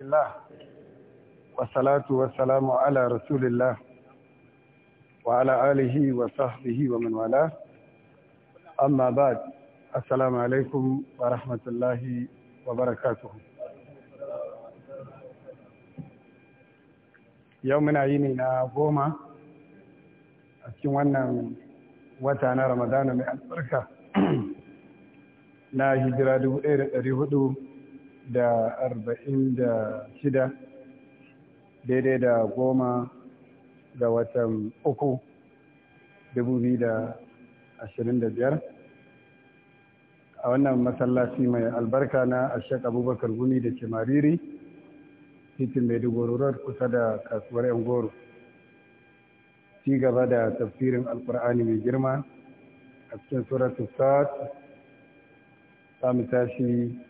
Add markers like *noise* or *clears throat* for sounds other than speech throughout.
الله والصلاة والسلام على رسول الله وعلى آله وصحبه ومن والاه أما بعد السلام عليكم ورحمة الله وبركاته يومنا ينينا قوما أتوانا وتانا رمضان من البركة na hijira dubu ɗaya da ɗari hudu da arba'in da shida daidai da goma ga watan uku dubu biyu da ashirin da biyar a wannan masallaci mai albarka na ashek abubakar gumi da ke mariri titin mai dogororar kusa da kasuwar yan goro ci gaba da tafsirin alkur'ani mai girma a cikin suratul sa'ad za mu tashi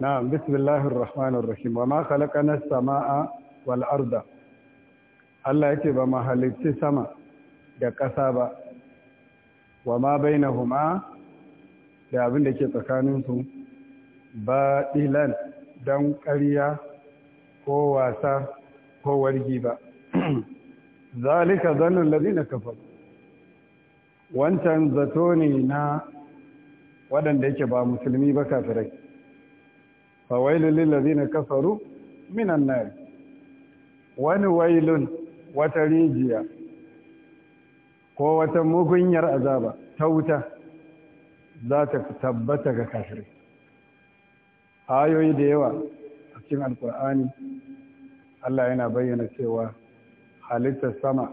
na'am bismillahir rahmanir rahim wa ma khalaqana samaa wal arda Allah yake ba ma halicci sama da ƙasa ba wa ma bainahuma da abin da ke tsakaninsu ba dilan dan ƙarya ko wasa ko wargi ba zalika zannin alladhina kafaru. wancan zato ne na waɗanda yake ba musulmi ba kafirai fawailun lillazina kafaru minan nar wani wailun wata rijiya ko wata mugunyar azaba ta wuta za ta tabbata ga kafirai ayoyi da yawa a cikin alkur'ani Allah yana bayyana cewa halittar sama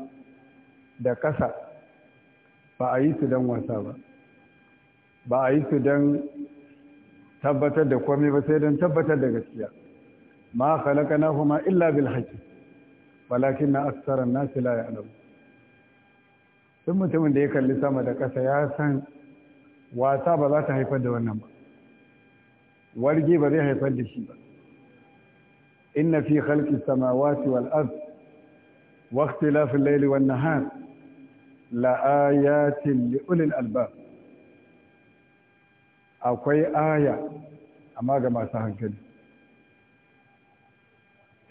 da ƙasa ba a yi su don wasa ba ba a yi su don tabbatar da komai ba sai don tabbatar da gaskiya ma khalaqnahuma illa bil haqq walakinna an nasi la ya'lamun duk mutumin da ya kalli sama da ƙasa ya san wasa ba za ta haifar da wannan ba warge ba zai haifar da shi ba inna fi khalqis samawati wal ard wa ikhtilafil layli wan nahar la ayatin li ulil albab akwai aya amma ga masu hankali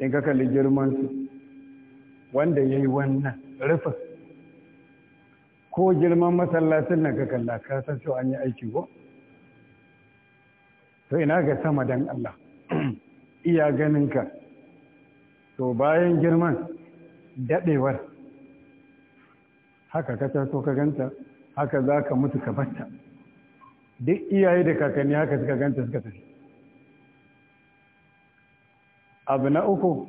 in ka kalli su wanda ya yi wannan rufin ko girman masallacin nan ka kalla ka cewa an yi aiki ko to ina ga sama don Allah *clears throat* iya ganin ka? to bayan girman daɗewar. haka ka taso ka ganta haka za ka mutu ka batta duk iyaye da kakanni haka suka ganta suka tafi abu na uku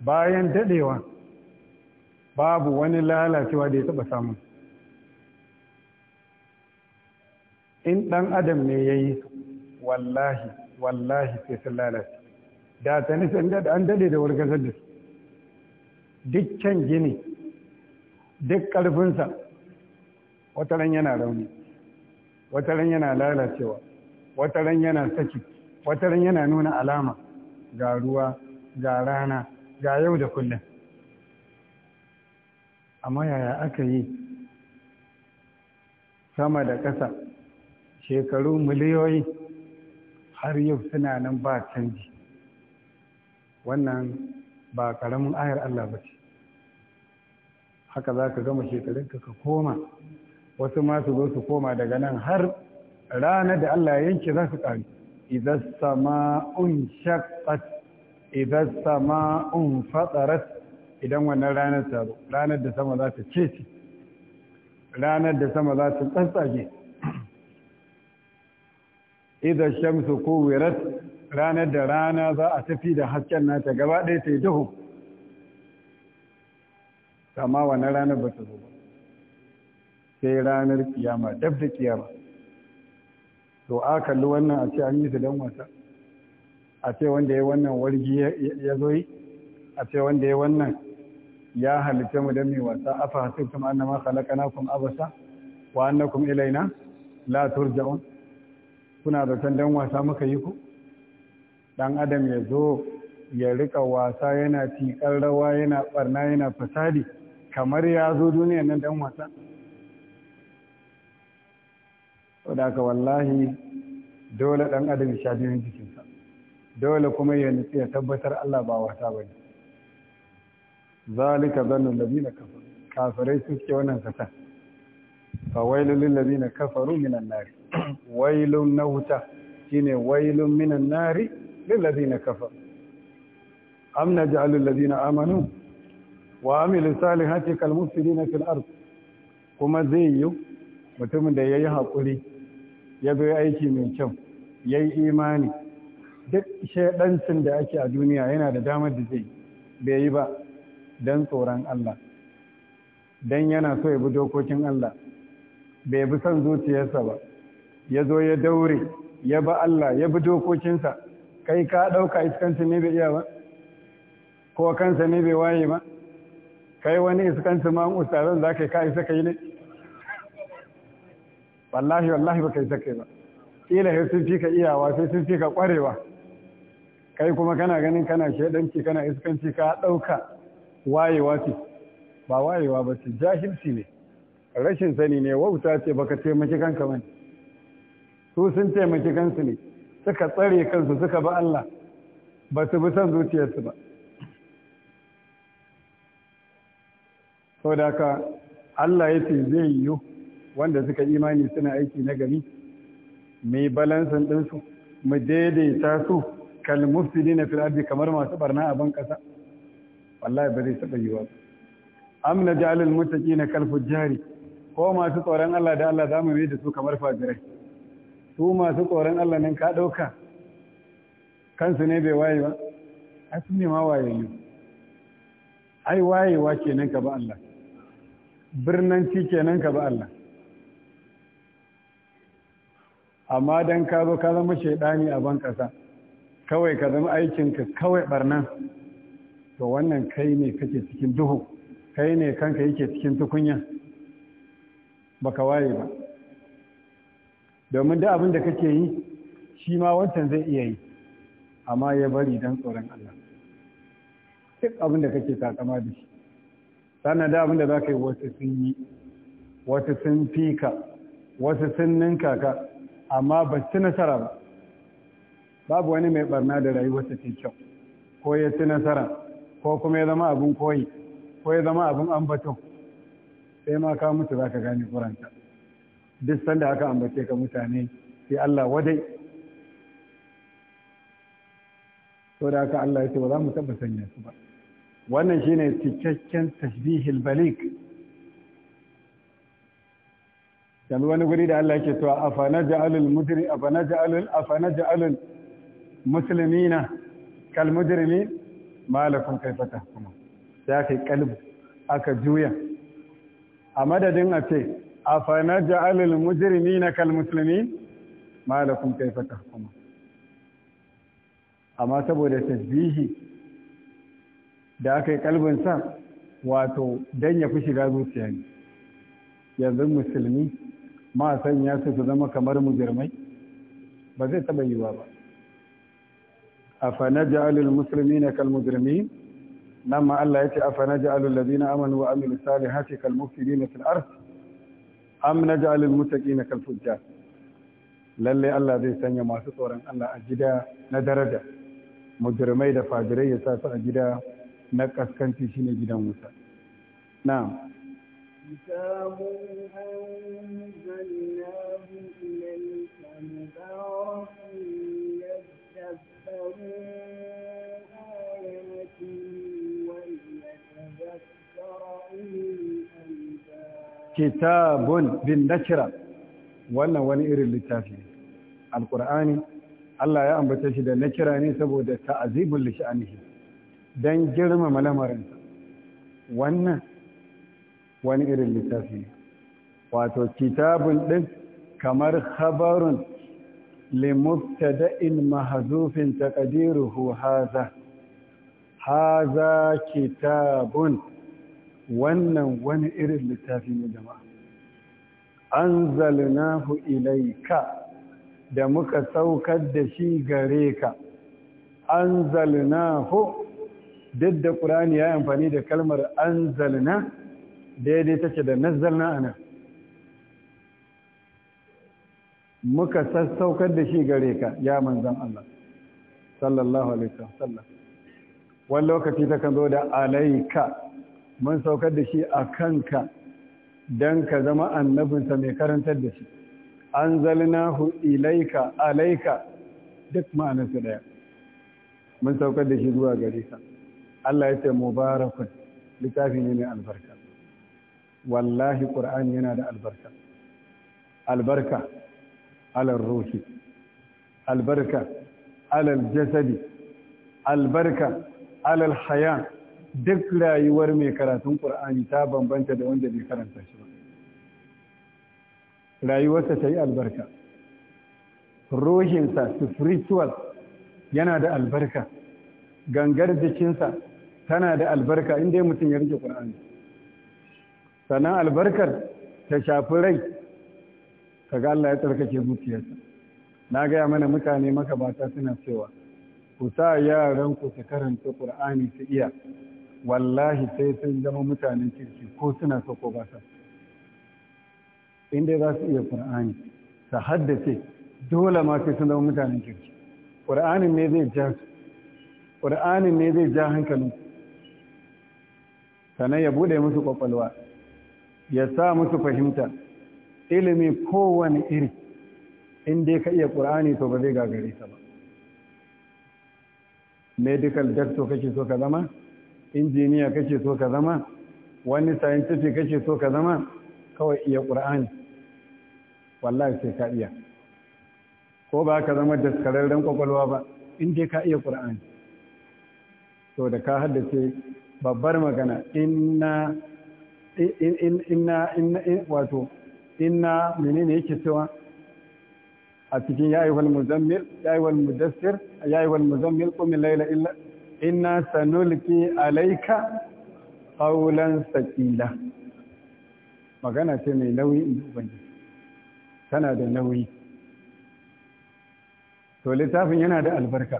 bayan dadewa babu wani lalacewa da ya taba samu in dan adam ne ya yi wallahi wallahi sai sun lalace da ta nisan an dade da wargasar da su duk can gini duk ƙarfinsa wata ran yana rauni wataran yana lalacewa wataran yana saki wataran yana nuna alama ga ruwa ga rana ga yau da kullum amma yaya aka yi sama da ƙasa shekaru miliyoyi har yau suna nan ba canji wannan ba ƙaramin ayar Allah ba ce haka za ka gama shekarunka ka koma wasu ma su zo su koma daga nan har ranar da Allah yanke za su ƙari idan sama'un shaqqat idan sama'un fatarat idan wannan ranar ta zo ranar da sama za ta ce ranar da sama za ta tsantsage idan shamsu kuwirat ranar da rana za a tafi da hasken nata gaba ɗaya ta yi duhu Sama wannan ranar ba ta zo ba sai ranar kiyama daf da kiyama to a kalli wannan a ce an yi su don wasa a ce wanda ya wannan wargi ya zo yi a ce wanda ya wannan ya halitta mu don mai wasa afa hasibtum annama kuma abasa wa annakum ilaina la turja'un kuna zaton don wasa muka yi ku dan adam ya zo ya rika wasa yana tikar rawa yana barna yana fasadi kamar ya zo duniya nan dan wasa saboda wallahi dole dan adam ya sha jikinsa dole kuma ya nutsi ya tabbatar Allah ba wata bane zalika zannu ladina kafaru kafirai suke wannan kasa fa wailul lil ladina kafaru minan nar *clears throat* wailun nahuta shine wailun minan nar lil ladina kafaru am naj'alul ladina amanu wa amilu salihati kal mufsidina fil ard kuma zai yi mutumin da yayi hakuri ya zo aiki mai kyau ya yi imani duk shaidancin da ake a duniya yana da damar da zai bai yi ba don tsoron Allah don yana so ya bi dokokin Allah bai bi son zuciyarsa ba ya zo ya daure ya bi Allah ya bi dokokinsa kai ka ɗauka iskanci ne bai iya ba ko kansa ne bai waye ba kai wani iskanci ma ustazan za ka yi ka isa ka yi ne wallahi wallahi baka yi sake ba kila sai sun fika iyawa sai sun fika kwarewa kai kuma kana ganin kana shedanci kana iskanci ka dauka wayewa ce ba wayewa ba ce jahilci ne rashin sani ne wauta ce baka taimaki kanka ba su sun taimaki kansu ne suka tsare kansu suka ba Allah ba su bi son zuciyarsu ba saboda haka Allah ya ce zai yi wanda suka imani suna aiki na gari mai balansan ɗinsu mu daidaita su ne na fil'adi kamar masu barna a ban ƙasa wallahi ba zai taɓa yiwa ba? Amina jalil mutaki na kalfujjari ko masu tsoron Allah da Allah za mu yi da su kamar fajirai su masu tsoron Allah nan ka ɗauka kansu ne bai waye ba a su ne ma ne ai wayewa kenan ka ba Allah birnanci kenan ka ba Allah amma don ka zo ka zama shaidani a ban kasa kawai ka zama aikinka kawai barnan to wannan kai ne kake cikin duhu kai ne kanka yake cikin tukunya baka waye ba domin da abin da kake yi shi ma wancan zai iya yi amma ya bari don tsoron Allah duk abin da kake takama da shi sannan da abin da za ka yi wasu sun yi wasu sun fi ka wasu sun ninka ka amma ba ci nasara ba babu wani mai barna da ta ce kyau ko ya ci nasara ko kuma ya zama abin koyi ko ya zama abin ambato sai ma ka mutu za ka gane kuranta duk sanda aka ambace ka mutane sai Allah wadai to da haka Allah ya ce ba za mu taba sanya su ba wannan shine cikakken tasbihil balik yanzu wani guri da Allah yake cewa afana ja'alul mujri afana ja'alul afana ja'alul muslimina kal mujrimi malakum kaifa tahkumun sai aka kalbu aka juya a madadin a ce afana ja'alul mujrimina kal muslimin malakum kaifa kuma. amma saboda tasbihi da aka yi kalbin sa wato dan ya fi shiga zuciya ne yanzu musulmi ma sanya su su zama kamar mujirmai ba zai taɓa yiwa ba afana ja'alul muslimina kal mujrimin nan ma Allah yace afana ja'alul na amanu wa amilus salihati kal mufsidina fil ard am na naj'alul muttaqina kal fujjar Lallai Allah zai sanya masu tsoron Allah a gida na daraja mujrimai da fajirai ya sa su a gida na kaskanci shine gidan wuta na'am كتاب أنزلناه إليك مبارك ليدبروا وليتذكر أولي كتاب wannan wani irin littafi ne alkur'ani Allah ya ambata shi da na ne saboda ta'azibul lishanihi dan girmama lamarinsa wannan wani irin littafi wato kitabun ɗin kamar habarun limubtada'in mahzufin taqdiruhu haza haza kitabun wannan wani irin littafi ne jama'a anzalnahu ilayka da muka saukar da shi gare ka anzalnahu duk da ƙur'ani ya amfani da kalmar anzalna daidai ce da a nan. muka sassaukar da shi gare ka ya manzan Allah sallallahu alaihi wasallam wani lokaci ta kan zo da alaika mun saukar da shi a kanka don ka zama annabinsa mai karantar da shi an zalinahu ilaika alaika duk ma'anarsa daya mun saukar da shi zuwa gare ka Allah ya ce mubarakun littafi ne mai albarka wallahi ƙur'ani yana da albarka albarka alal ruhi albarka alal jasadi albarka alal haya duk rayuwar mai karatun ƙur'ani ta bambanta da wanda bai karanta shi ba rayuwarsa ta yi albarka ruhinsa spiritual yana da albarka gangar jikinsa tana da albarka inda mutum ya rike ƙur'ani sannan albarkar ta shafi rai Ka ga Allah ya tsarkake zuciyarsa na gaya mana mutane makabata suna cewa ku sa yaran ku su karanta Qur'ani su iya wallahi sai sun zama mutanen kirki ko suna so ko ba sa inda za su iya Qur'ani su haddace dole ma sai sun zama mutanen kirki Qur'anin ne zai ja Qur'anin ne zai ja hankalin sannan ya bude musu kwakwalwa ya sa musu fahimta ilimi kowane iri in dai ka iya ƙur'ani to ba zai gagare ta ba medical doctor kake so ka zama injiniya kake so ka zama wani scientific kake so ka zama kawai iya ƙura'ani wallahi sai ka iya ko ba ka zama daskararren kwakwalwa ba in dai ka iya ƙur'ani to da ka haddace babbar magana inna inna inna wato inna menene yake cewa a cikin ya ayyuhal muzammil ya ayyuhal mudassir ya ayyuhal muzammil qum laila illa inna sanulqi alaika? qawlan saqila magana ce mai nauyi in ubangiji tana da nauyi to littafin yana da albarka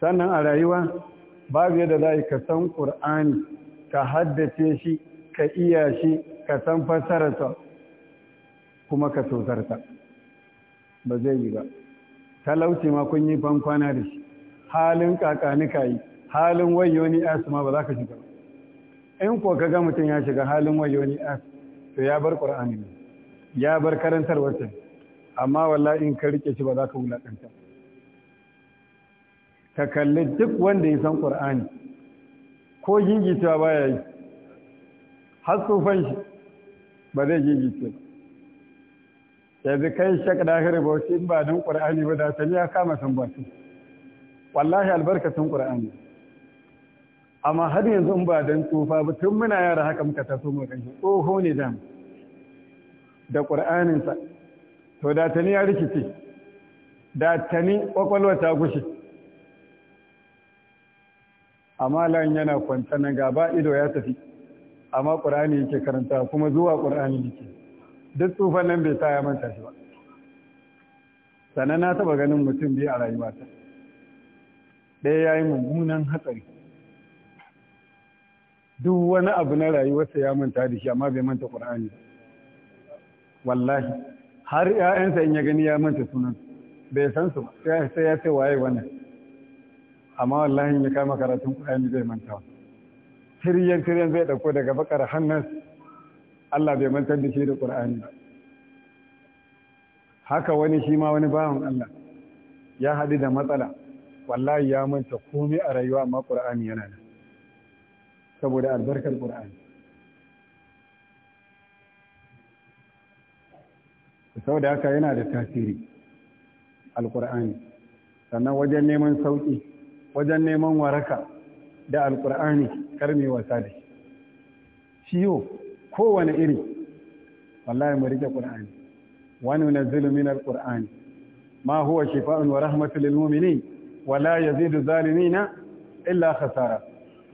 sannan a rayuwa babu yadda za a ka san qur'ani ka haddace shi ka iya shi ka san fassararsa kuma ka ta ba zai yi ba talauci ma kun yi bankwana da shi halin kakanika yi halin wayoni as ma ba za ka shiga in ko ka ga mutum ya shiga halin wayoni as to ya bar ƙur'ani ne ya bar karantar wata amma wallahi in ka rike shi ba za ka wulaƙanta ka kalli duk wanda ya san ƙur'ani ko gingitawa baya yi har tsufan shi ba zai gigice ba yanzu kai shak dahir bauchi in ba don ƙura'ani ba da ni ya kama sambatu wallahi albarkacin ƙura'ani amma har yanzu ba don tsufa ba tun muna yara haka muka taso mu kai tsoho ne dam da ƙura'aninsa to da ni ya rikice da ta ni kwakwalwa ta gushe amma lan yana kwanta na gaba ido ya tafi amma qur'ani yake karanta kuma zuwa qur'ani yake duk tsufan nan bai taya manta shi ba sannan na taba ganin mutum biyu a rayuwata ɗaya ya yi mummunan hatsari duk wani abu na rayuwarsa ya manta da shi amma bai manta qur'ani ba wallahi har 'ya'yansa in ya gani ya manta sunan bai san su sai ya ce waye wannan amma wallahi ya kama karatun Qur'ani zai manta tiryan tiryan zai ɗauko daga bakar hannun Allah bai mantar da shi da ƙur'ani ba haka wani shi ma wani bawan Allah ya haɗu da matsala wallahi ya manta komai a rayuwa amma ƙur'ani yana nan saboda albarkar ƙur'ani saboda haka yana da tasiri alƙur'ani sannan wajen neman sauƙi wajen neman waraka da alƙur'ani karmi wasa da shi ciwo kowane iri wallahi mu rike qur'ani wa nunazzilu min alqur'ani ma huwa shifaa'un wa rahmatun lil mu'minin wa la yazidu zalimina illa khasara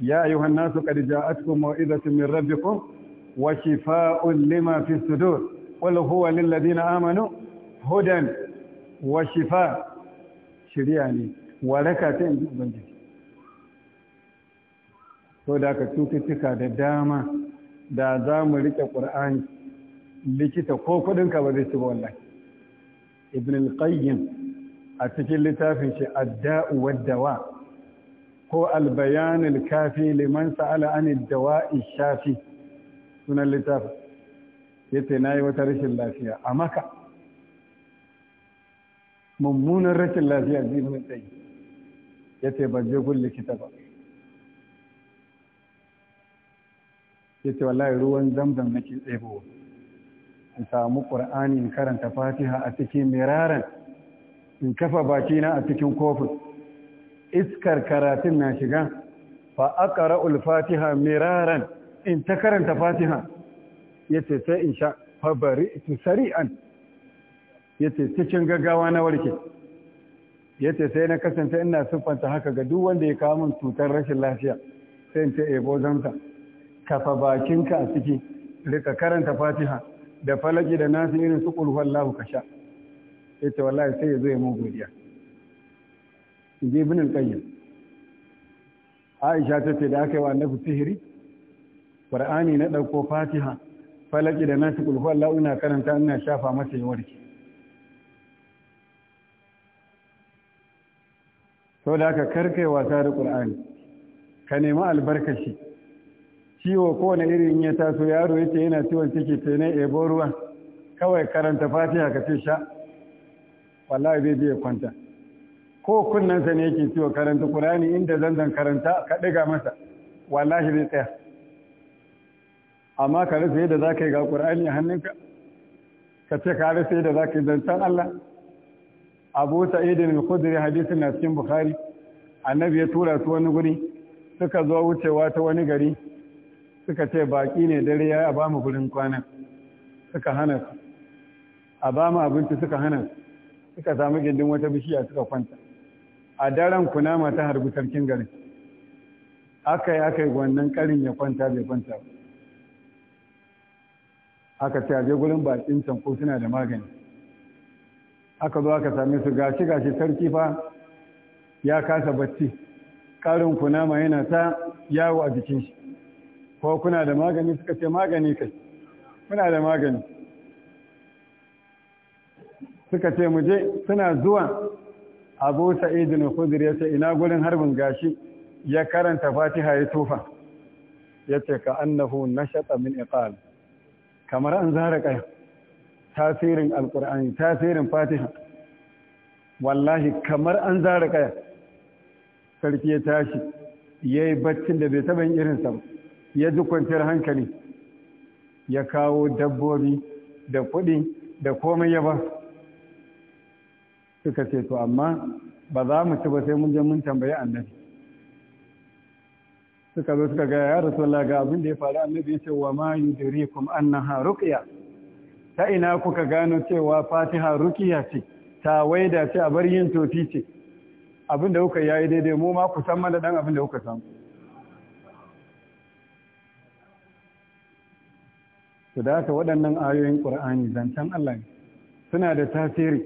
ya ayyuhan nasu qad ja'atkum maw'izatun min rabbikum wa shifaa'un lima fi sudur qul huwa lil ladina amanu hudan wa shifaa' shiriya ne waraka ta inji ubangiji so da ka cututtuka da dama da za mu riƙe ƙur'ani likita ko kuɗinka ba zai ci ba wallahi ibn al-qayyim a cikin littafin shi adda'u wad ko al-bayan al-kafi liman sa'ala an ad-dawa'i shafi sunan littafin yace nayi wata rashin lafiya a maka mummunan rashin lafiya zai al-qayyim yace ban je gun likita ba ya ce wallahi ruwan zamzam nake tsebo in samu ƙur'ani in karanta fatiha a cikin miraran in kafa bakina a cikin kofin iskar karatun na shiga fa aqra fatiha miraran in ta karanta fatiha yace sai in sha fa bari'tu sari'an yace cikin gaggawa na warke yace sai na kasance ina siffanta haka ga duk wanda ya kawo min cutar rashin lafiya sai in ce ebo zamzam kafa bakinka a ciki rika karanta fatiha da falaki da nasu irin su kulhu Allahu ka sha sai ce wallahi sai ya zo ya mu godiya je ibn al-qayyim Aisha ta ce da aka yi wa annabi sihiri Qur'ani na dauko Fatiha falaki da nasu kulhu Allahu ina karanta ina shafa masa ya warke to da aka karkai wasa da Qur'ani ka nemi albarkashi ciwo kowane irin ya taso yaro ya ce yana ciwon ciki ta ne ebo ruwa kawai karanta fatiha ka ce sha wallahi zai je kwanta ko kunnensa ne yake ciwo karanta kurani inda zanzan karanta ka ɗiga masa wallahi zai tsaya amma ka rasa yadda za ka yi ga ƙur'ani a hannunka ka ce ka rasa yadda za ka yi zancen Allah abu sa'id bin khudri hadisin na cikin bukhari annabi ya tura su wani guri suka zo wucewa ta wani gari suka ce baƙi ne dare ya a ba mu gurin kwana suka hana su a ba mu abinci suka hana su suka samu gindin wata bishiya suka kwanta a daren kunama ta harbi sarkin gari, aka yi aka yi wannan karin ya kwanta bai kwanta ba aka ce aje gurin baƙin can ko suna da magani aka zo aka same su gashi gashi sarki fa ya kasa bacci karin kunama yana ta yawo a jikin shi ko kuna da magani suka ce magani kai kuna da magani suka ce mu je suna zuwa abu sa'id na khudri ya ce ina gurin harbin gashi ya karanta fatiha ya tufa ya ce ka annahu nashata min iqal kamar an zara kaya tasirin alqur'ani tasirin fatiha wallahi kamar an zara kaya sarki ya tashi yayi baccin da bai taba yin sa ba ya ji kwanciyar hankali ya kawo dabbobi da kuɗi da komai ya ba suka ce to amma ba za mu ci ba sai mun je mun tambayi annabi suka zo suka gaya ya rasulullah ga abin da ya faru annabi ya ce wa ma yudrikum annaha ruqya ta ina kuka gano cewa fatiha ruqya ce ta waida ce a bar yin tofi ce abin da kuka yayi daidai mu ma ku san mana dan abin da kuka samu su da haka waɗannan ayoyin ƙur'ani zancen Allah ne suna da tasiri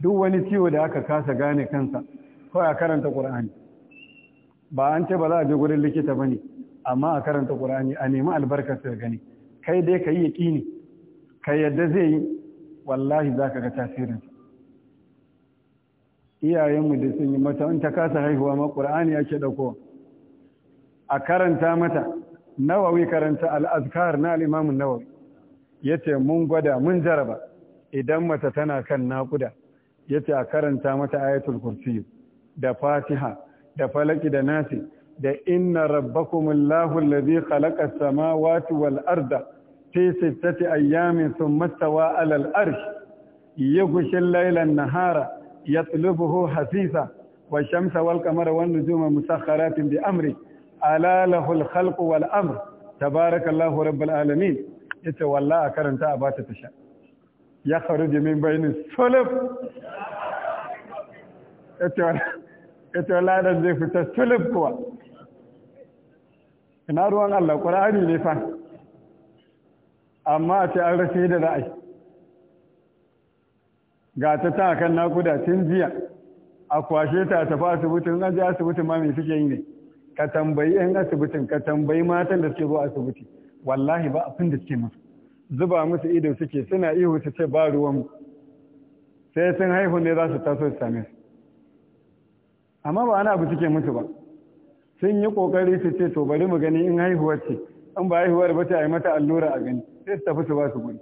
duk wani ciwo da aka kasa gane kansa kawai a karanta ƙur'ani ba an ce ba za a je gurin likita ba ne amma a karanta ƙur'ani a nemi albarkar su gani kai dai ka yi ne ka yadda zai yi wallahi za ka ga tasirin iyayenmu da sun yi mata in ta kasa haihuwa ma ƙur'ani ake ɗauko a karanta mata nawawi karanta al'azkar na al'imamun nawawi ya ce mun gwada mun jaraba idan mata tana kan naƙuda ya ce a karanta mata ayatul kursi da fatiha da falaki da nasi da inna rabbakumullahu allazi khalaqa samawati wal arda fi sittati ayyamin thumma stawa alal arsh yughshi al-layla an-nahara yatlubuhu hasisa wa shamsa wal qamara wan-nujuma musakhkharatin bi amri ala lahul khalqu wal amr tabarakallahu rabbul alamin yace wallahi karanta a bata tasha ya kharuju min bayni sulub yace yace wallahi dan zai fita sulub kuwa ina ruwan Allah qur'ani ne fa amma a ce an rashe da ra'ayi ga ta ta kan nakuda tun jiya a kwashe ta tafi in an je asibiti ma me suke yi ne ka tambayi yan asibitin ka tambayi matan da suke zuwa asibiti wallahi ba abin da suke musu zuba musu ido suke suna ihu su ce ba ruwan sai sun haihu ne za su taso su same su amma ba ana abu suke musu ba sun yi kokari su ce to bari mu gani in haihuwar ce in ba haihuwar ba ce a yi mata allura a gani sai su tafi su ba su gudu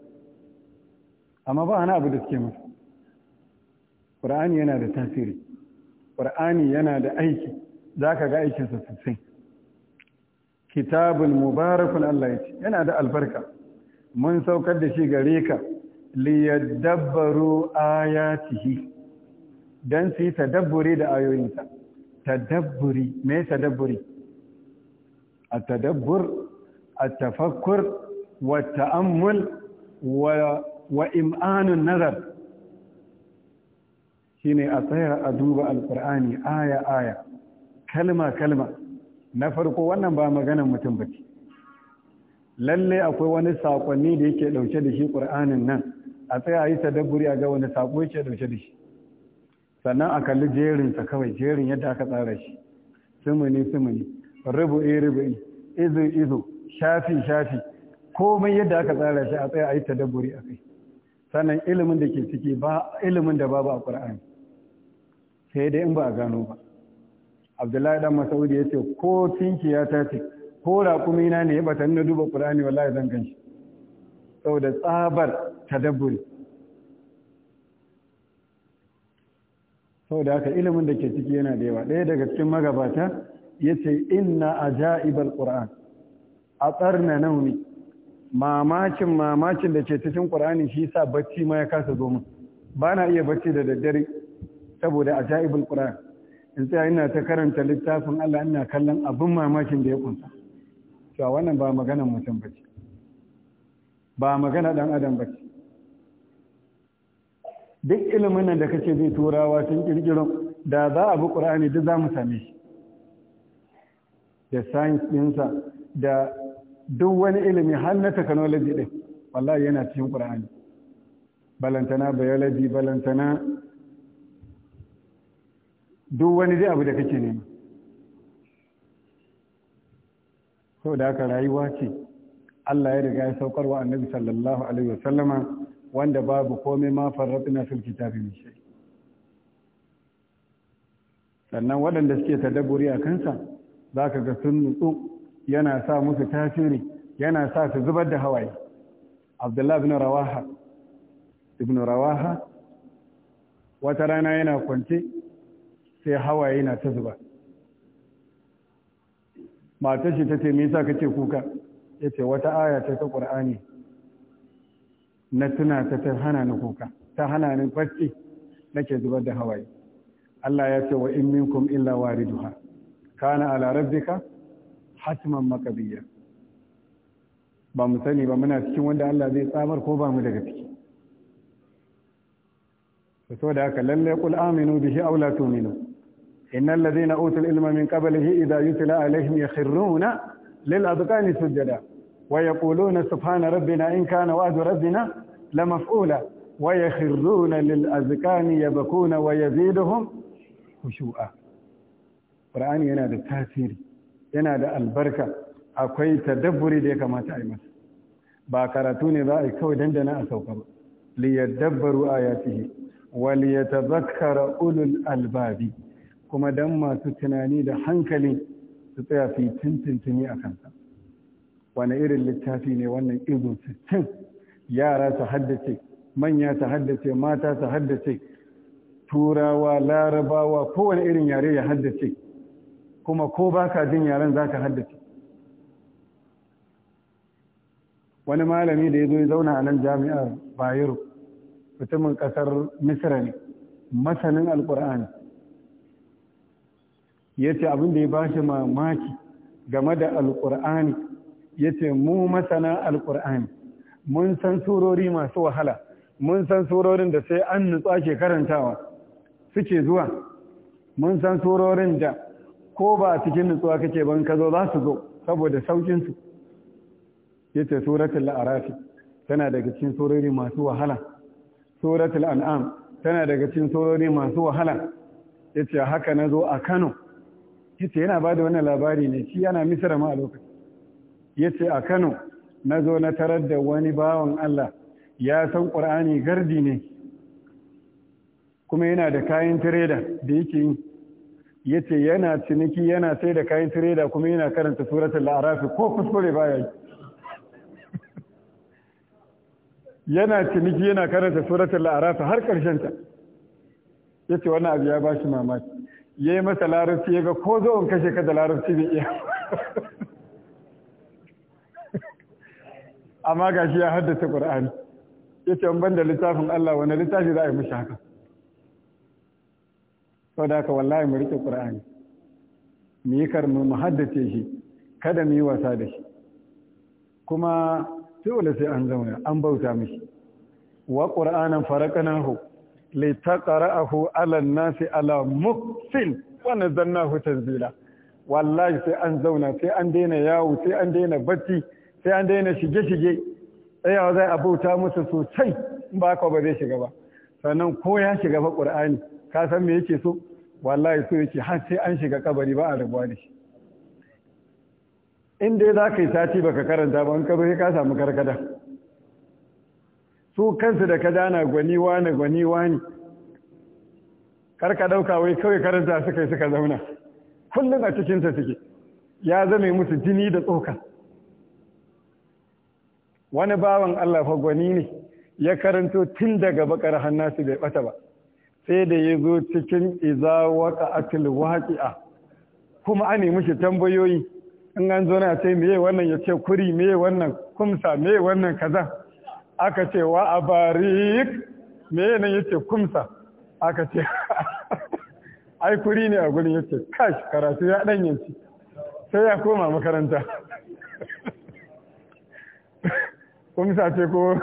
amma ba ana abu da suke musu ƙur'ani yana da tasiri ƙur'ani yana da aiki za ka ga aikinsa sosai kitabun mubarakun Allah ya yana da albarka mun saukar da shi gare ka liyadabbaru ayatihi don su yi tadabburi da ayoyinsa tadabburi me tadabburi a tadabbur a tafakkur wa ta'ammul wa im'anun nazar shine a tsaya a duba alkur'ani aya aya kalma kalma na farko wannan ba maganan mutum ba ce lalle akwai wani sakonni da yake ɗauke da shi ƙur'anin nan a a yi dabburi a ga wani saƙo yake dauke da shi sannan a kalli jerin kawai jerin yadda aka tsara shi sumuni sumuni rubu'i rubu'i izu izu shafi shafi komai yadda aka tsara shi a tsaye a yi dabburi a kai sannan ilimin da ke ciki ba ilimin da babu a ƙur'ani sai dai in ba a gano ba abdullahi dan masaudi ya ce ko tinki ya tace ko raƙumi na ne ba bata na duba qur'ani wallahi zan ganshi saboda tsabar tadabburi saboda haka ilimin da ke ciki yana da yawa ɗaya daga cikin magabata ya ce inna ajaibal qur'an a tsarna nauni mamakin mamakin da ke cikin qur'ani shi sa bacci ma ya kasa zo min ba na iya bacci da daddare saboda aja'ibal ƙura'an. in tsaya ina ta karanta littafin Allah ina kallon abin mamakin da ya kunsa a wannan ba magana mutum ba ba magana dan adam ba ce duk ilimin nan da kake zai turawa sun kirkiro da za a bi qur'ani duk za mu same shi da science ɗinsa da duk wani ilimi har na technology ɗin wallahi yana cikin qur'ani balantana biology balantana duk wani dai abu da kake nema sau da haka rayuwa ce Allah ya riga ya saukar wa annabi sallallahu alaihi wasallama wanda babu komai ma farraɗina sulki kitabi min shai. sannan waɗanda suke ta daburi a kansa za ka ga sun nutsu yana sa musu tasiri yana sa su zubar da hawaye abdullahi ibn rawaha ibn rawaha wata rana yana kwance sai hawaye na ta zuba matar shi ta ce me yasa kake kuka ya ce wata aya ta ta ƙur'ani na tuna ta ta hana ni kuka ta hana ni barci nake zubar da hawaye Allah ya ce wa in minkum illa wariduha kana ala rabbika hatman maqdiya ba mu sani ba muna cikin wanda Allah zai tsamar ko ba mu daga ciki to da haka lalle qul aminu bihi aw la tu'minu إن الذين أوتوا العلم من قبله إذا يتلى عليهم يخرون للأذقان سجدا ويقولون سبحان ربنا إن كان وعد ربنا لمفعولا ويخرون للأذقان يبكون ويزيدهم خشوعا القرآن ينادى التأثير ينادى البركة أكوي تدبر ديك ما تعمل باكرتون ذا إكوي دندنا أسوكم ليدبروا آياته وليتذكر أولو الألباب أولو الألباب kuma don masu tunani da hankali su tsaya su yi tuntuntuni a kansa wani irin littafi ne wannan izu sittin yara su haddace manya su haddace mata su haddace turawa larabawa kowane irin yare ya haddace kuma ko ba ka jin yaren za ka haddace wani malami da ya zo zauna a nan jami'ar bayero mutumin kasar misra ne masanin alkur'ani ya ce abin da ya ba shi mamaki game da alƙur'ani ya ce mu masana alƙur'ani mun san surori masu wahala mun san surorin da sai an nutsa ke karantawa suke zuwa mun san surorin da ko ba cikin nutsuwa kake ban ka zo za su zo saboda saukinsu ya ce suratul la'arafi tana daga cikin surori masu wahala suratul an'am tana daga cikin surori masu wahala ya ce haka na zo a kano yace yana bada wannan labari ne shi yana misira ma a lokacin yace a Kano na zo na tarar da wani bawan Allah ya san Qur'ani gardi ne kuma yana da kayan tireda da yake yi yace yana ciniki yana sai da kayan tireda kuma yana karanta suratul la'arafi ko kuskure baya yi *laughs* yana ciniki yana karanta suratul la'arafi har karshen ta yace wannan abu ya bashi mamaki ya yi masa larabci ya ga ko zo in kashe ka da larabci da iya amma ga shi ya haddasa ƙur'ani ya ce ban da littafin Allah wani littafi za a yi mishi haka sau da haka wallahi mu riƙe ƙur'ani mu yi karnu mu haddace shi kada mu yi wasa da shi kuma sai dole sai an zauna an bauta mishi wa ƙur'anan faraqanahu litaqra'ahu 'ala an-nasi 'ala mukfin wa nazzalnahu tanzila wallahi sai an zauna sai an daina yawo sai an daina bacci sai an daina shige-shige tsayawa zai abuta musu sosai ba ka ba zai shiga ba sannan ko ya shiga ba qur'ani ka san me yake so wallahi so yake har sai an shiga kabari ba a rubuwa da shi in dai za ka yi sati baka karanta ba in ka sai ka samu gargada. su kansu da ka dana gwani wani gwani wani karka ɗauka wai kawai karanta suka yi suka zauna kullum a cikinsa suke ya zame musu jini da tsoka wani bawan Allah fa gwani ne ya karanto tun daga bakar hannasu bai bata ba sai da ya zo cikin iza waka atil waƙi'a kuma an nemi shi tambayoyi in an zo na ce meye wannan ya ce kuri meye wannan kumsa meye wannan kaza aka ce wa a barik me yanayin yace kumsa aka ce *laughs* ai kuri ne a gurin yace kash karatu ya yanci sai ya koma makaranta *laughs* kumsa ce ko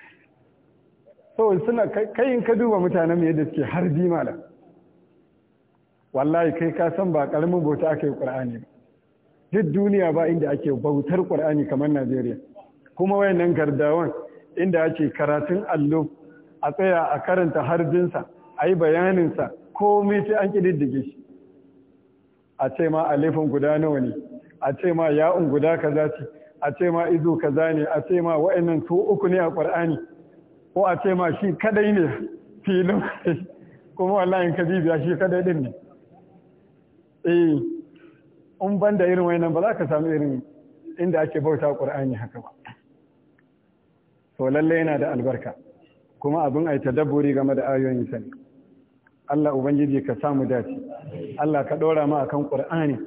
*laughs* so suna kai in ka duba mutanen yadda suke har bi mala wallahi kai ka san ba karamin bauta aka yi qur'ani ba duk duniya ba inda ake bautar qur'ani kamar Najeriya kuma wayannan gardawan inda ake karatun allo a tsaya a karanta harjinsa a yi bayaninsa komai sai an ƙididdige shi a ce ma alifin guda nawa ne a ce ma ya'un guda kaza ce a ce ma izo kaza ne a ce ma wayannan su uku ne a ƙwar'ani ko a ce ma shi kadai ne filin *laughs* kuma wallahi ka bibiya shi kadai din ne eh in ban da irin wayannan ba za ka samu irin inda ake bauta ƙwar'ani haka ba to lalle yana da albarka kuma abin a yi ta dabbori game da ayoyin ne Allah ubangiji ka samu dace Allah ka ɗora ma a kan ƙur'ani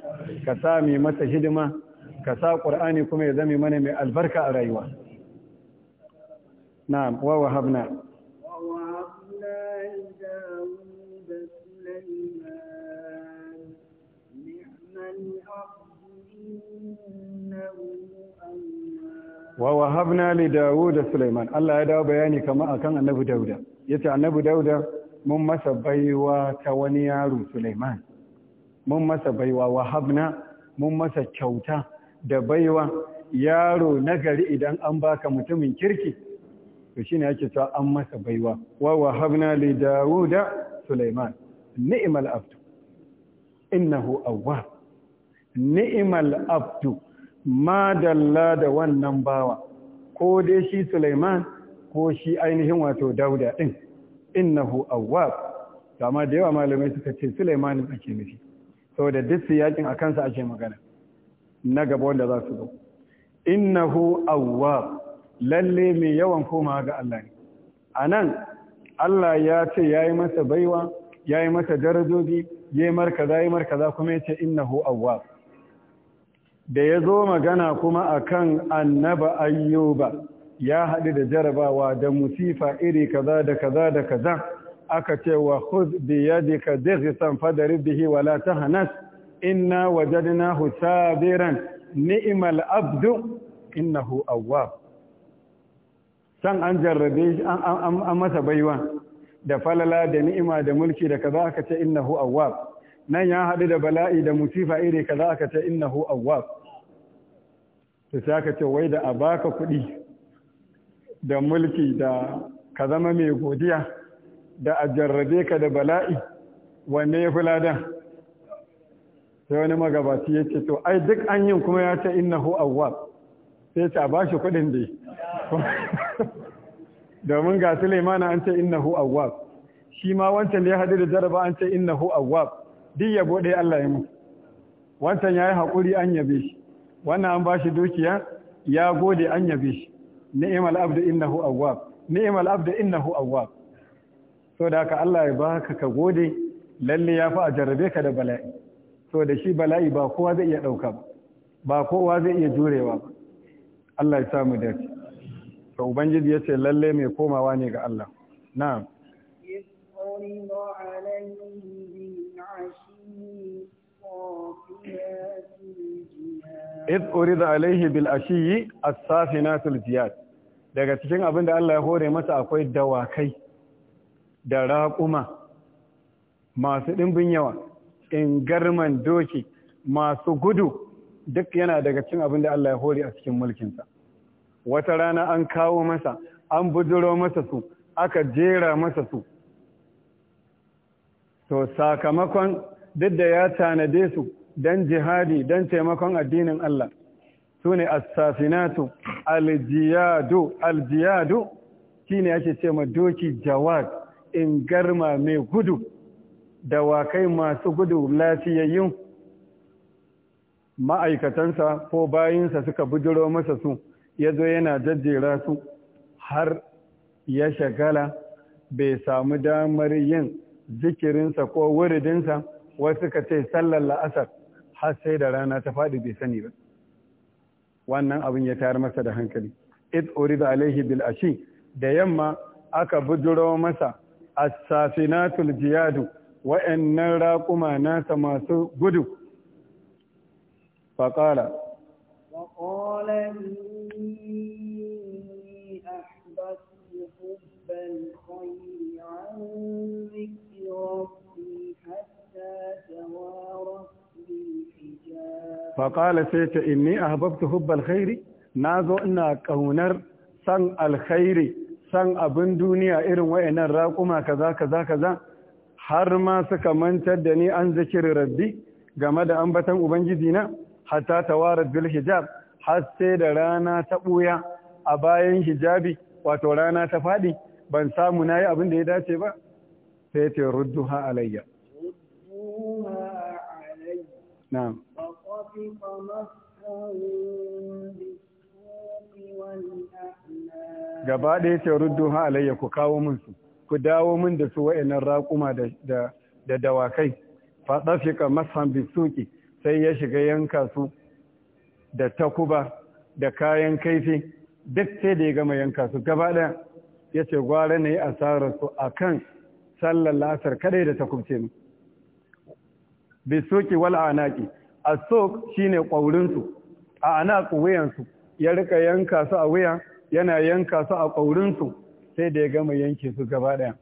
ka sa mu masa hidima ka sa ƙur'ani kuma ya zame mana mai albarka a rayuwa na wa habna wa wahabna li dawuda sulaiman Allah ya dawo bayani kamar akan annabi dauda yace annabi dauda mun masa baiwa ta wani yaro sulaiman mun masa baiwa wahabna mun masa kyauta da baiwa yaro nagari idan an baka mutumin kirki to shine yake cewa an masa baiwa wa wahabna li dawuda sulaiman ni'mal abdu innahu awwab ni'mal abdu madalla da wannan bawa ko dai shi Sulaiman ko shi ainihin wato Dauda din innahu awwab amma da yawa malamai suka ce Sulaiman ake nufi saboda duk yakin a kansa ake magana na gaba wanda za su zo innahu awwab lalle mai yawan koma ga Allah ne anan Allah ya ce yayi masa baiwa yayi masa darajoji yayi markaza yayi markaza kuma ya ce innahu awwab da ya zo magana kuma akan annaba ayyuba ya haɗu da jarabawa da musifa iri kaza da kaza da kaza aka ce wa da bi yadika san fadarib bihi wa tahnas inna wajadnahu sabiran ni'mal abdu innahu awwab san an jarrabe an masa baiwa da falala da ni'ima da mulki da kaza aka ce innahu awwab nan ya haɗu da bala'i da musifa iri ka kaza ka ce innahu awwab Ta sai ka ce wai da a baka kuɗi da mulki da ka zama mai godiya da a jarrabe ka da bala'i wanne ya fi ladan sai wani magabaci ya ce to ai duk an yin kuma ya ce innahu awwab sai ce a bashi kuɗin dai *laughs* domin ga Sulaimana an ce innahu awwab shi ma wancan da ya haɗu da jaraba an ce innahu awwab duk yabo ɗaya Allah ya mun wancan ya yi haƙuri an yabe shi wannan an ba shi dukiya ya gode an yabe shi ni'imal abdu innahu awwab ni'imal abdu innahu awwab so da haka Allah ya baka ka gode lalle ya fi a jarrabe ka da bala'i so da shi bala'i ba kowa zai iya ɗauka ba ba kowa zai iya jurewa ba Allah ya samu dace to ubangiji ya ce lalle mai komawa ne ga Allah na'am iz urida alaihi bil ashiyi as-safinatul daga cikin abin da Allah ya hore masa akwai dawakai da raƙuma masu ɗimbin yawa in garman doki masu gudu duk yana daga cikin abin da Allah ya hore a cikin mulkinsa wata rana an kawo masa an buduro masa su aka jera masa su to sakamakon duk da ya tanade su don jihadi don taimakon addinin Allah su ne asafinatu aljiyadu aljiyadu shi ne ake ce ma doki jawad in garma mai gudu da dawakai masu gudu lafiyayyun ma'aikatansa ko bayinsa suka bujiro masa su ya zo yana jajjera su har ya shagala bai samu damar yin zikirinsa ko wuridinsa wasu suka ce sallar la'asar har sai da rana ta faɗi bai sani ba wannan abin ya tayar masa da hankali id urida alaihi bil ashi da yamma aka bujuro masa as-safinatul jiyadu wa'annan raƙuma nasa masu gudu faqala faƙala sai ta inni a hababta hubbal khairi na zo ina ƙaunar san alkhairi san abin duniya irin wayannan raƙuma kaza kaza kaza har ma suka mantar da ni an zikiri rabbi game da ambatan ubangiji na hatta tawarat bil hijab har sai da rana ta buya a bayan hijabi wato rana ta faɗi ban samu nayi abin da ya dace ba sai ta rudduha alayya na'am Gaba مصرا ya ce gaba ɗaya ce alayya ku kawo min su ku dawo min da su wa'annan raƙuma da dawakai faɗafika masan bisuki sai ya shiga yanka su da takuba da kayan kaifi duk sai da ya gama yanka su gaba ɗaya ya ce gwara na yi asarar su a kan sallar la'asar kaɗai da takubce mu bisuki wal anaki asok shine ƙwaurinsu a ana wuyansu ya rika yanka su a wuya yana yanka su a ƙwaurinsu sai da ya gama yanke su gaba ɗaya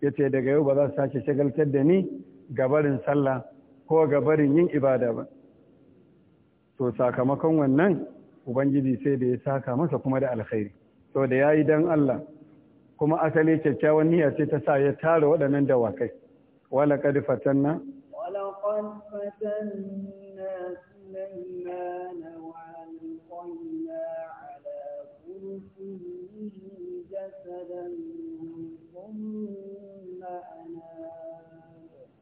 ya ce daga yau ba za su sake shagaltar da ni gabarin sallah ko gabarin yin ibada ba to sakamakon wannan ubangiji sai da ya saka masa kuma da alkhairi to da ya yi don allah kuma asali kyakkyawan niyya ce ta sa ya tara waɗannan dawakai wala kad fatanna wala qad fatanna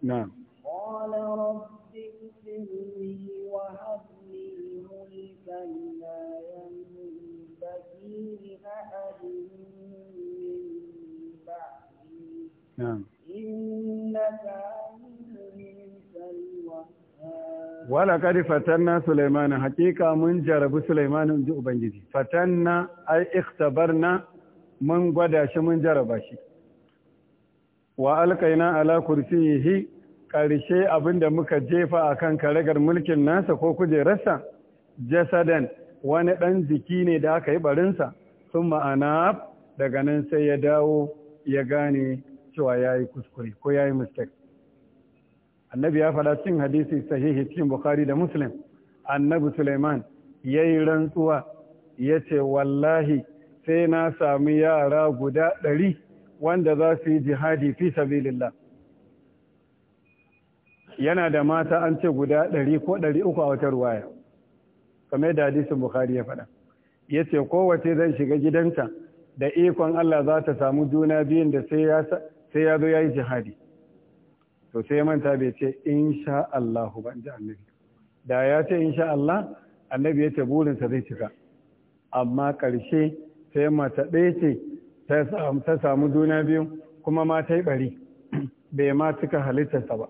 نعم قال رب اغفرني لي وهب لي ملكا لا ينبغي لأحد من بعدي نعم إنك أنت الوهاب ولقد فتنا سليمان حقيقة من جرب سليمان من جؤبنجي فتنا أي اختبرنا من قدش من جرب شيء wa alkaina ala kursiyihi ƙarshe abinda muka jefa akan karagar mulkin nasa ko kujerarsa jasadan wani ɗan jiki ne da aka yi barinsa sun ma'ana daga nan sai ya dawo ya gane cewa ya yi kuskure ko ya yi mistake annabi ya faɗa cin hadisi sahihi cikin bukhari da muslim annabi suleiman ya yi rantsuwa ya ce wallahi sai na samu yara guda ɗari wanda za su yi jihadi fi sabilillah yana da mata an ce guda ɗari ko ɗari uku a wata ruwaya kamar da hadisin bukhari ya faɗa ya ce kowace zai shiga gidanta da ikon Allah za ta samu juna biyun da sai ya zo ya yi jihadi to sai manta bai ce sha Allah ba ji annabi da ya ce insha Allah annabi ya ce burinsa zai cika amma ƙarshe sai mata ɗaya ce ta samu juna biyu kuma ma ta yi bari *clears throat* bai ma cika halittarsa ba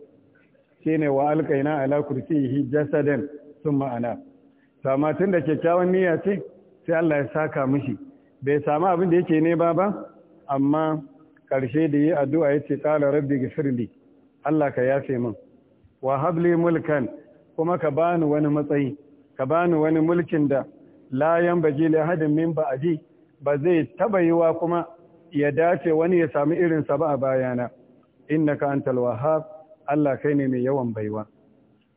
shi ne wa alƙaina ala yi jasadin sun ma'ana sama tun da kyakkyawan niyya ce sai Allah ya saka mishi bai samu abin da yake ne ba ba amma ƙarshe da yi addu'a ya ce ƙala rabbi gifirli Allah ka yafe min wa habli mulkan kuma ka bani wani matsayi ka bani wani mulkin da layan la yanbaji min ba min ji ba zai taba wa kuma ya dace wani ya sami irinsa ba a bayana innaka antal wahhab Allah kai ne mai yawan baiwa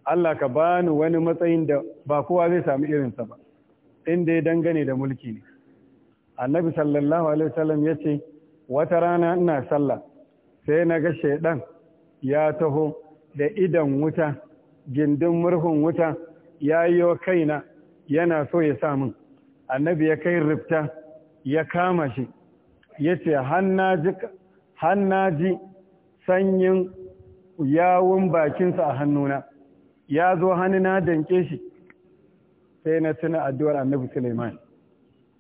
Allah ka bani wani matsayin da ba kowa zai sami irinsa ba inda ya dangane da mulki ne annabi sallallahu alaihi wasallam ya wata rana ina sallah sai na ga shaidan ya taho da idan wuta gindin murhun wuta ya kaina yana so ya sa min annabi ya kai rifta ya kama shi ya ce hannaji sanyin yawon bakinsa a hannuna ya zo hannuna danke shi sai na tuna addu'ar annabi Suleiman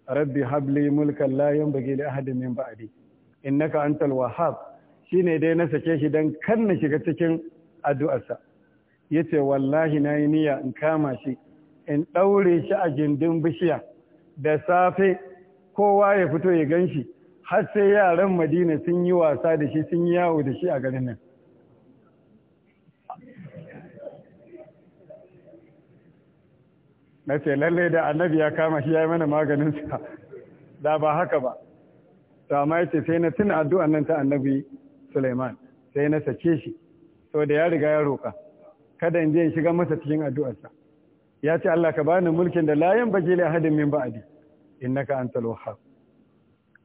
rabbi habli mulkan layan bage da ahadin min ba'adi innaka antal shi ne dai na sake shi don kanna na shiga cikin addu'arsa ce wallahi na yi niyya in kama shi in ɗaure shi a gindin bishiya da safe kowa ya fito ya gan shi har sai yaran madina sun yi wasa da shi sun yi yawo da shi a garin nan na ce lallai da annabi ya kama shi ya yi mana maganinsa *laughs* da ba haka ba to amma ya ce sai na tuna addu'an nan ta annabi Sulaiman sai na sace shi so da ya riga ya roƙa kada in je in shiga masa cikin addu'arsa ya ce Allah ka bani mulkin da layan bajile hadin min ba'adi إنك أنت الوهاب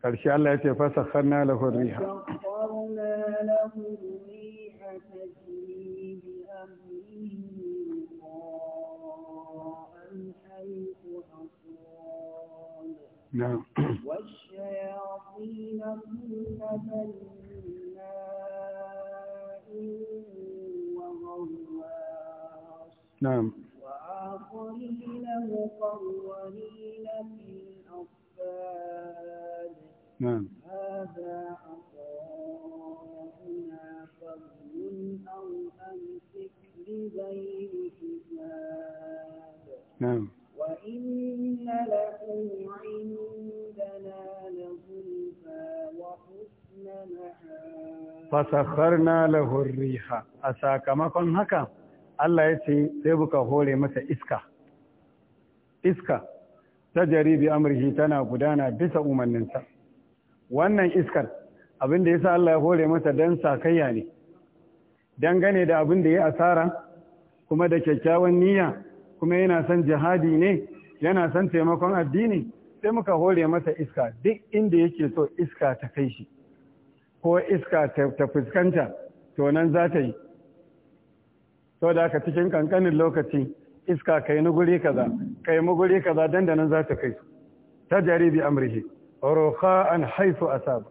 قال شاء الله يتي فسخرنا له الريح فسخرنا له الريح تجري بأمره حيث أصاب نعم والشياطين كل وغواص نعم وآخرين مقرنين في Fasakharna lahur riha a sakamakon haka Allah ya ce sai buka hore masa iska. Iska. tajari bi amrihi tana gudana bisa umarninsa wannan iskar abin da yasa Allah ya hore masa dan sakayya ne dangane da abin da ya asara kuma da kyakkyawan niyya kuma yana son jihadi ne yana son taimakon addini sai muka hore masa iska duk inda yake so iska ta kai shi ko iska ta fuskanta to nan za ta yi to da aka cikin kankanin lokaci iska kai ni guri kaza kai mu guri kaza dandanan za ta kai su ta jaribi amrihi rukha'an haythu asab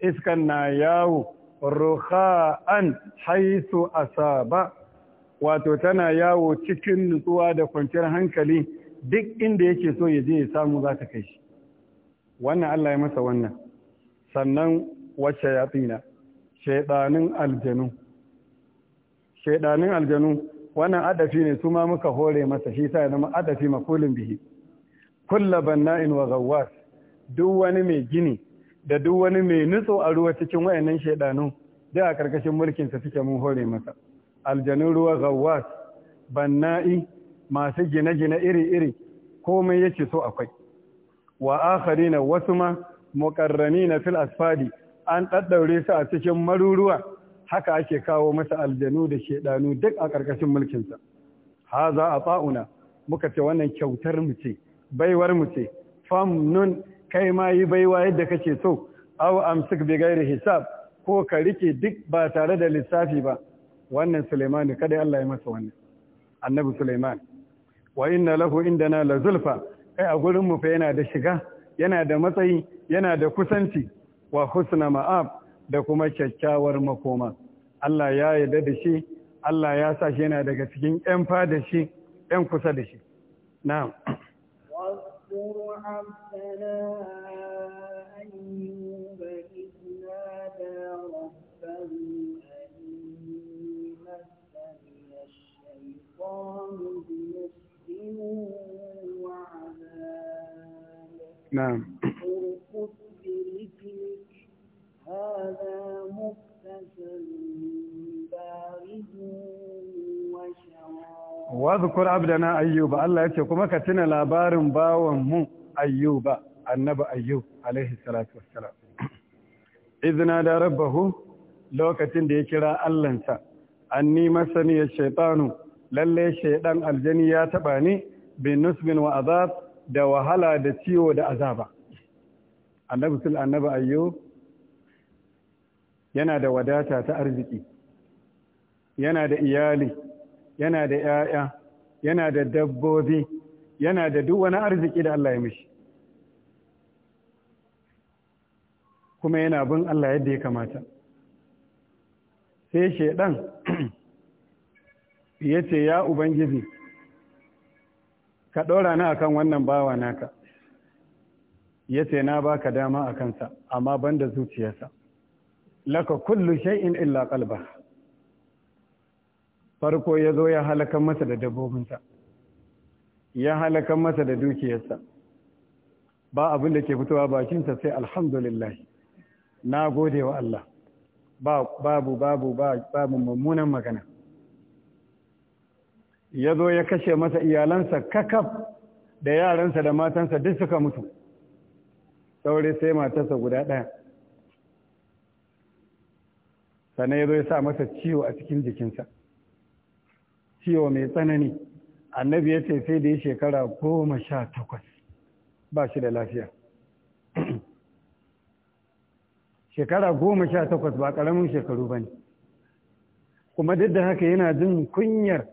iskan na yawo rukha'an haythu asaba wato tana yawo cikin nutsuwa da kwanciyar hankali duk inda yake so ya je ya samu za ta kai shi wannan Allah ya masa wannan sannan wacce ya tsina shaidanin aljanu shaidanin aljanu wannan adafi ne su ma muka hore masa shi ta zama adafi makulin bihi kulla banna'in wa gawwas duk wani mai gini da duk wani mai nutso a ruwa cikin wayannan shedanu da a karkashin mulkin sa suke mun hore masa aljanu ruwa gawwas banna'i masu gine-gine iri-iri komai yake so akwai wa akharina wasu ma na fil asfali an daddaure su a cikin maruruwa haka ake kawo masa aljanu da shedanu duk a ƙarƙashin mulkinsa haza a fa'una muka ce wannan kyautar mu ce baiwar mu ce fam nun, kai ma yi baiwa yadda kake so aw amsik bi gairi hisab ko ka rike duk ba tare da lissafi ba wannan ne, kada Allah ya masa wannan annabi Sulaiman wa inna lahu indana la zulfa kai a gurin mu fa yana da shiga yana da matsayi yana da kusanci wa husna ma'ab da kuma kyakkyawar makoma Allah ya yarda da shi Allah ya sa shi yana daga cikin fa fada shi yan kusa da shi na'am naam. wa zukur abdana ayyuba Allah yace kuma ka tuna labarin bawan mu ayyuba annabi ayyub alaihi salatu wassalam idna da rabbahu lokacin da ya kira Allahnsa anni masani ya shaytanu lalle shaydan aljani ya taba ni bin nusbin wa azab da wahala da ciwo da azaba annabi sul annabi ayyub yana da wadata ta arziki yana da iyali yana da ‘ya'ya yana da dabbobi yana da duk wani arziki da Allah ya mishi kuma yana bin Allah yadda ya kamata sai shaidan *clears throat* yace ce ya ubangiji ka ɗora ni akan wannan bawa naka yace na baka dama a kansa amma banda zuciyarsa laka kullu shay'in illa ƙalba farko ya zo ya halaka masa da dabbobinsa ya halakan masa da dukiyarsa ba abin da ke fitowa bakinsa sai alhamdulillah na gode wa Allah babu babu babu mummunan magana ya zo ya kashe masa iyalansa kakaf da yaransa da matansa duk suka mutu saurin sai matarsa guda ɗaya sannan ya zo ya sa masa ciwo a cikin jikinsa ciwo mai tsanani annabi ya ce sai da ya shekara goma sha takwas ba shi da lafiya *clears throat* shekara goma sha takwas ba ƙaramin shekaru ba ne kuma duk da haka yana jin kunyar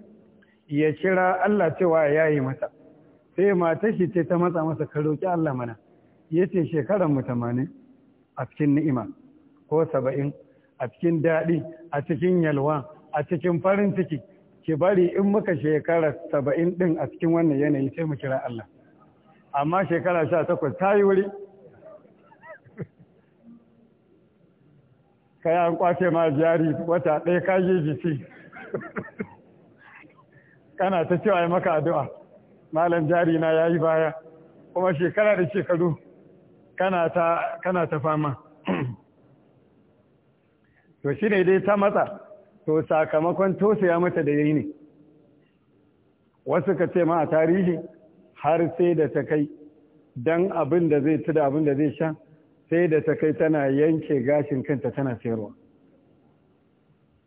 ya kira Allah cewa ya yi masa sai mata shi ce ta matsa masa ka roƙi Allah mana ya ce shekaran mu tamanin a cikin ni'ima ko saba'in a cikin daɗi a cikin yalwa a cikin farin ciki ki bari in muka shekara saba'in ɗin a cikin wannan yanayi sai mu kira Allah amma shekara sha takwas ta yi wuri kaya an kwace ma jari wata ɗaya ka yi jiki kana ta cewa ya maka addu'a malam jari na ya yi baya kuma shekara da shekaru kana ta fama to shi ne dai ta matsa to sakamakon tosaya mata da yayi ne wasu ka ce ma a tarihi har sai da ta kai dan abin da zai ci da abin da zai sha sai da ta kai tana yanke gashin kanta tana sayarwa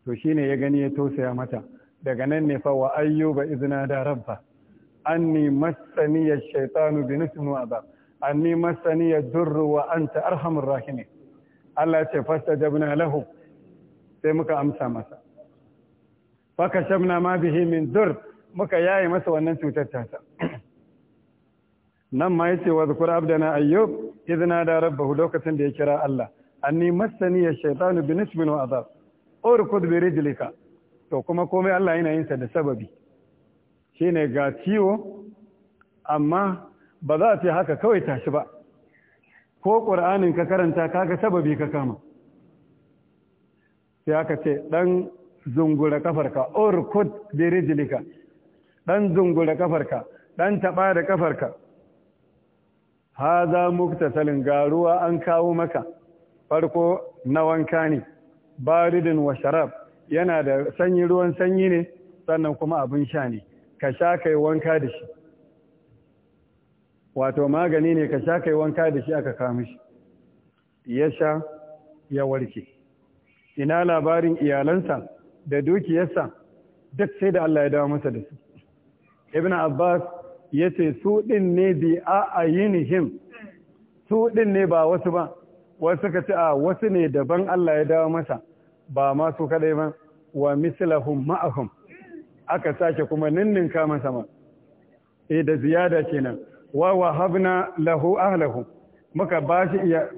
to shine ya gani ya tosaya mata daga nan ne fa wa ayyuba izna da rabba anni masaniya shaytanu bi nusmin aba anni masaniya durru wa anta arhamur rahimin Allah ce jabna lahu sai muka amsa masa faka shamna ma bihi min dur muka yaye masa wannan cutar ta. nan ma yace wa zkur abdana ayyub idna da rabbahu lokacin da ya kira Allah anni massani ya shaytanu bi nisbin wa adab urkud bi rijlika to kuma komai Allah yana yin sa da sababi shine ga ciwo amma ba za a haka kawai tashi ba ko ƙur'anin ka karanta kaga sababi ka kama sai aka ce ɗan zungura kafarka urkud bi rijlika dan zungura kafarka dan taba da kafarka haza muktasalin garuwa an kawo maka farko na wanka ne baridin wa sharab yana da sanyi ruwan sanyi ne sannan kuma abin sha ne ka sha kai wanka da shi wato magani ne ka sha kai wanka da shi aka kama shi ya sha ya warke ina labarin iyalansa da dukiyarsa duk sai da Allah ya dawo masa da su ibn abbas ya ce su ɗin ne bi a ayinihim su ɗin ne ba wasu ba wasu ka ce a wasu ne daban Allah ya dawo masa ba ma su kadai ba wa mislahum ma'ahum aka sake kuma ninnin masa ma E da ziyada kenan wa wahabna lahu ahlahu muka ba shi iya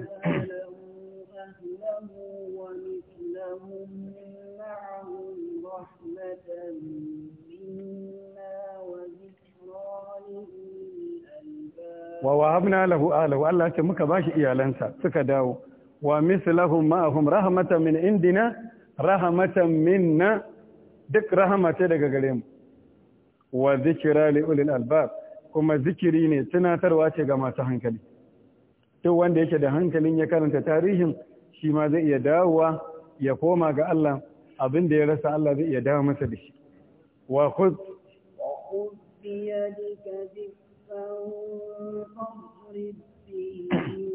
wa wahabna lahu ahlahu Allah ce muka bashi iyalansa suka dawo wa mislahum ma'ahum rahmatan min indina rahmatan minna duk rahama daga gare mu wa zikra li ulil albab kuma zikiri ne tunatarwa ce ga masu hankali duk wanda yake da hankalin ya karanta tarihin shi ma zai iya dawowa ya koma ga Allah abin da ya rasa Allah zai iya dawo masa da shi وخذ وخذ بيدك ذفا فاضرب به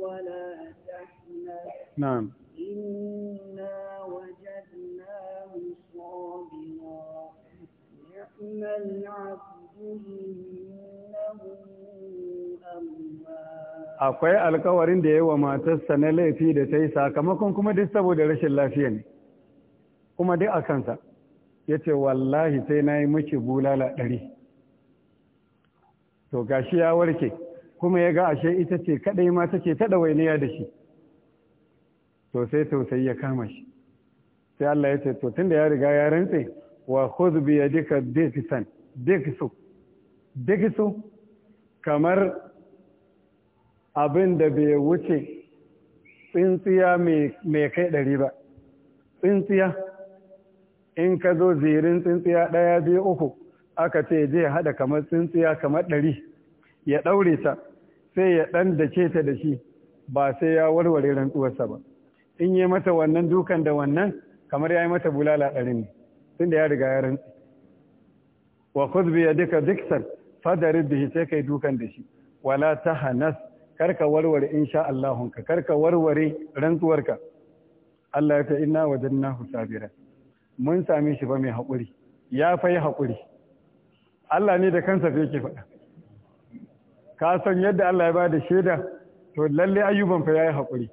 ولا تحنث نعم إنا وجدناه صابرا نعم العبد إنه Akwai alkawarin da ya yi wa matarsa na laifi da ta yi sakamakon kuma duk saboda rashin lafiya ne, kuma duk a kansa. ya ce wallahi sai na yi miki bulala ɗari to gashi ya warke kuma ya ga ashe ita ce kaɗai ma take taɗa wainiya da shi to sai tausayi ya kama shi sai Allah ya ce to tunda ya riga ya rantse wa khudh bi yadika dikisan dikisu dikisu kamar abin da bai wuce tsintsiya mai kai ɗari ba tsintsiya in ka zo zirin tsintsiya ɗaya biyu uku aka ce zai haɗa kamar tsintsiya kamar ɗari ya ɗaure ta sai ya ɗan da ce ta da shi ba sai ya warware rantsuwarsa ba in yi mata wannan dukan da wannan kamar ya yi mata bulala ɗari ne tun da ya riga ya rantsu. wa ya ya yadika diksan fadarin bihi sai kai dukan da shi wala ta hanas karka warware insha Allahunka karka warware rantsuwarka Allah ya ta wajen na husabira. mun same shi ba mai haƙuri ya fa haƙuri Allah ne da kansa fa yake faɗa ka san yadda Allah ya ba da shaida to lalle ayyuban fa yayi haƙuri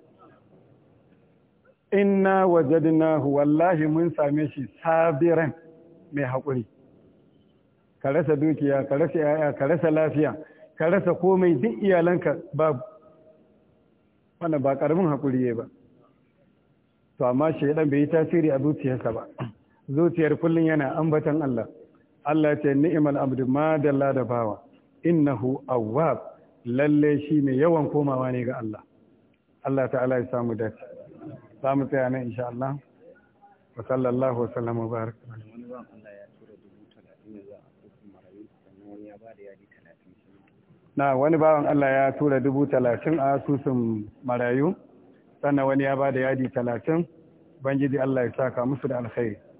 inna wajadnahu wallahi mun same shi sabiran mai haƙuri ka rasa dukiya ka rasa yaya ka rasa lafiya ka rasa komai duk iyalanka babu wannan ba karamin haƙuri ne ba to amma shaidan bai yi tasiri a dukiyarsa ba zuciyar kullum yana ambatan Allah Allah ce ni'mal abdu ma dalla da bawa innahu awwab lalle shi ne yawan komawa ne ga Allah Allah ta'ala ya samu dace za mu tsaya nan insha Allah wa sallallahu wa sallam wa barak na wani bawan Allah ya tura dubu talatin a asusun marayu sannan wani ya ba da yadi talatin bangiji Allah ya saka musu da alkhairi